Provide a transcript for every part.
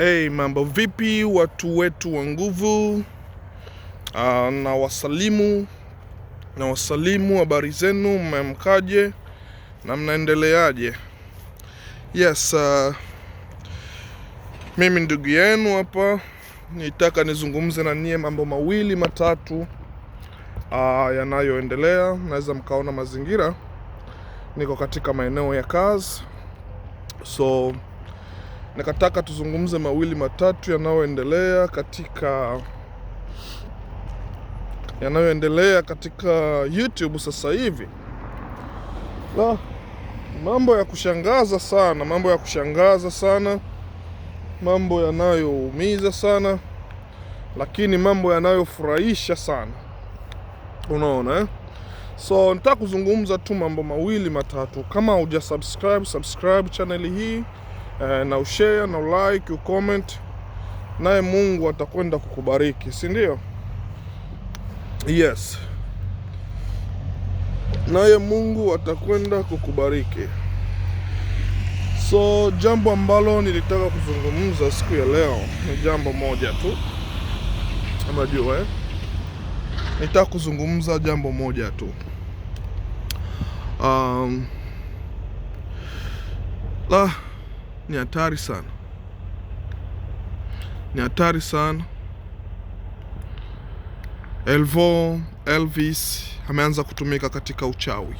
Hey, mambo vipi watu wetu wa nguvu? Aa, ah, na wasalimu na wasalimu, habari zenu, mmeamkaje na mnaendeleaje? Yes, uh, mimi ndugu yenu hapa, nitaka nizungumze na nyie mambo mawili matatu uh, yanayoendelea. Naweza mkaona mazingira, niko katika maeneo ya kazi so Nikataka tuzungumze mawili matatu yanayoendelea katika yanayoendelea katika YouTube sasa hivi. La, mambo ya kushangaza sana, mambo ya kushangaza sana, mambo yanayoumiza sana, lakini mambo yanayofurahisha sana, unaona eh? So nitakuzungumza kuzungumza tu mambo mawili matatu. Kama hujasubscribe, subscribe channel hii eh, na ushare na ulike ucomment, naye Mungu atakwenda kukubariki, si ndio? Yes, naye Mungu atakwenda kukubariki. So jambo ambalo nilitaka kuzungumza siku ya leo ni jambo moja tu, unajua eh? Nitaka kuzungumza jambo moja tu um, la ni hatari sana, ni hatari sana. Elvo Elvis ameanza kutumika katika uchawi.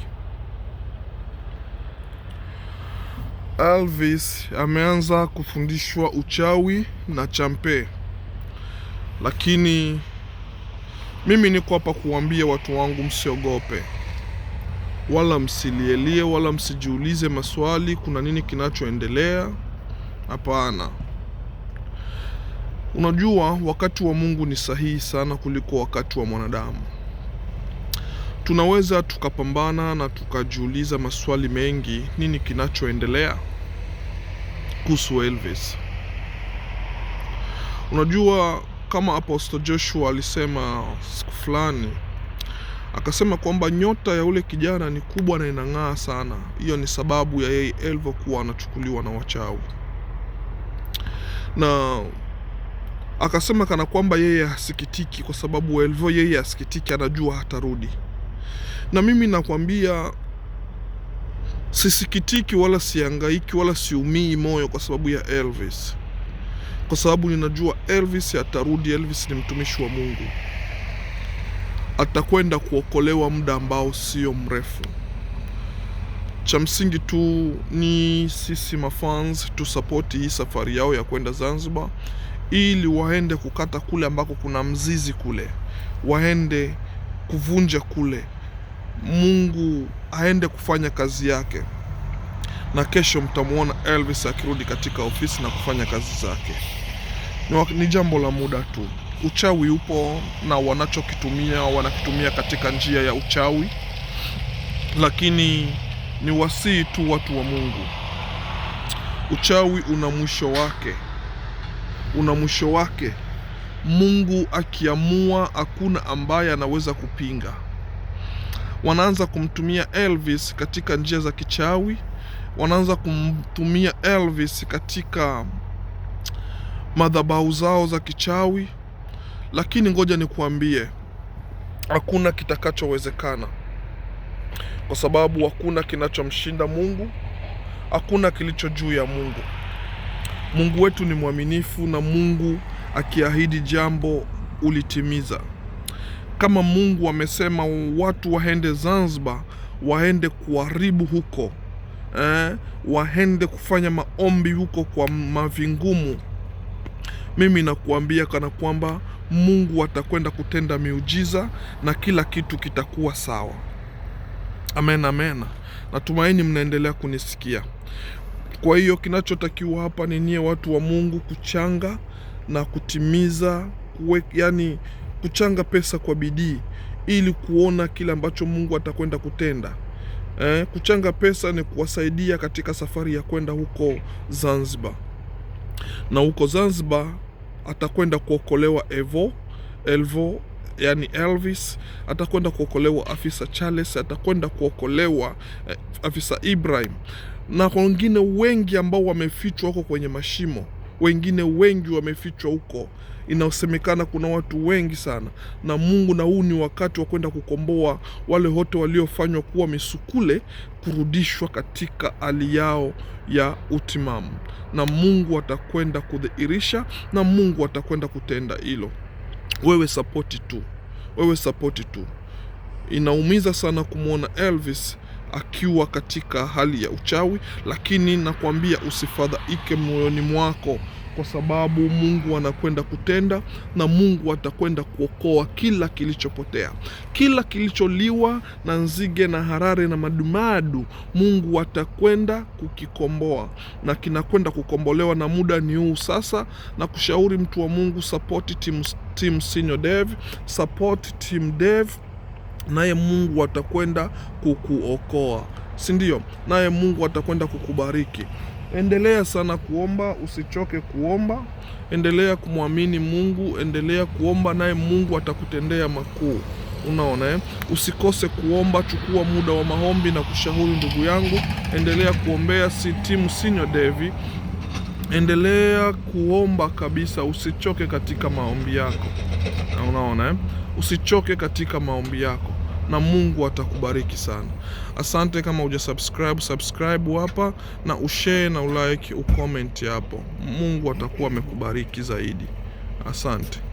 Elvis ameanza kufundishwa uchawi na champe, lakini mimi niko hapa kuambia watu wangu msiogope wala msilielie wala msijiulize maswali, kuna nini kinachoendelea? Hapana. Unajua, wakati wa Mungu ni sahihi sana kuliko wakati wa mwanadamu. Tunaweza tukapambana na tukajiuliza maswali mengi, nini kinachoendelea kuhusu Elvis. Unajua, kama Apostle Joshua alisema siku fulani Akasema kwamba nyota ya ule kijana ni kubwa na inang'aa sana. Hiyo ni sababu ya yeye Elvo kuwa anachukuliwa na wachawi, na akasema kana kwamba yeye hasikitiki kwa sababu Elvo yeye hasikitiki, anajua hatarudi. Na mimi nakwambia sisikitiki wala siangaiki wala siumii moyo kwa sababu ya Elvis, kwa sababu ninajua Elvis atarudi. Elvis ni mtumishi wa Mungu atakwenda kuokolewa muda ambao sio mrefu. Cha msingi tu ni sisi mafans tusapoti hii safari yao ya kwenda Zanzibar, ili waende kukata kule ambako kuna mzizi kule, waende kuvunja kule, Mungu aende kufanya kazi yake, na kesho mtamwona Elvis akirudi katika ofisi na kufanya kazi zake. Ni jambo la muda tu uchawi upo na wanachokitumia wanakitumia katika njia ya uchawi, lakini ni wasii tu watu wa Mungu, uchawi una mwisho wake, una mwisho wake. Mungu akiamua, hakuna ambaye anaweza kupinga. Wanaanza kumtumia Elvis katika njia za kichawi, wanaanza kumtumia Elvis katika madhabahu zao za kichawi lakini ngoja nikuambie, hakuna kitakachowezekana, kwa sababu hakuna kinachomshinda Mungu, hakuna kilicho juu ya Mungu. Mungu wetu ni mwaminifu, na Mungu akiahidi jambo ulitimiza. Kama Mungu amesema watu waende Zanzibar, waende kuharibu huko eh, waende kufanya maombi huko kwa mavingumu mimi nakuambia kana kwamba Mungu atakwenda kutenda miujiza na kila kitu kitakuwa sawa. Amen, amen. Natumaini mnaendelea kunisikia. Kwa hiyo kinachotakiwa hapa ni nyie watu wa Mungu kuchanga na kutimiza kwe, yani kuchanga pesa kwa bidii ili kuona kile ambacho Mungu atakwenda kutenda. Eh, kuchanga pesa ni kuwasaidia katika safari ya kwenda huko Zanzibar na huko Zanzibar atakwenda kuokolewa Evo Elvo, yani Elvis atakwenda kuokolewa, afisa Charles atakwenda kuokolewa, eh, afisa Ibrahim na wengine wengi ambao wamefichwa huko kwenye mashimo, wengine wengi wamefichwa huko inaosemekana kuna watu wengi sana na Mungu, na huu ni wakati wa kwenda kukomboa wale wote waliofanywa kuwa misukule kurudishwa katika hali yao ya utimamu, na Mungu atakwenda kudhihirisha, na Mungu atakwenda kutenda hilo. Wewe sapoti tu, wewe sapoti tu. Inaumiza sana kumwona Elvis akiwa katika hali ya uchawi, lakini nakwambia usifadhaike moyoni mwako kwa sababu Mungu anakwenda kutenda na Mungu atakwenda kuokoa kila kilichopotea, kila kilicholiwa na nzige na harare na madumadu, Mungu atakwenda kukikomboa na kinakwenda kukombolewa. Na muda ni huu sasa, na kushauri mtu wa Mungu, support team, team senior dev, support team dev naye Mungu atakwenda kukuokoa, si ndio? Naye Mungu atakwenda kukubariki. Endelea sana kuomba, usichoke kuomba, endelea kumwamini Mungu, endelea kuomba, naye Mungu atakutendea makuu. Unaona eh? Usikose kuomba, chukua muda wa maombi na kushauri. Ndugu yangu, endelea kuombea, si timu sinyo Devi, endelea kuomba kabisa, usichoke katika maombi yako. Unaona eh? Usichoke katika maombi yako na Mungu atakubariki sana. Asante. Kama uja subscribe, subscribe hapa na ushare na ulike, ucomment hapo. Mungu atakuwa amekubariki zaidi. Asante.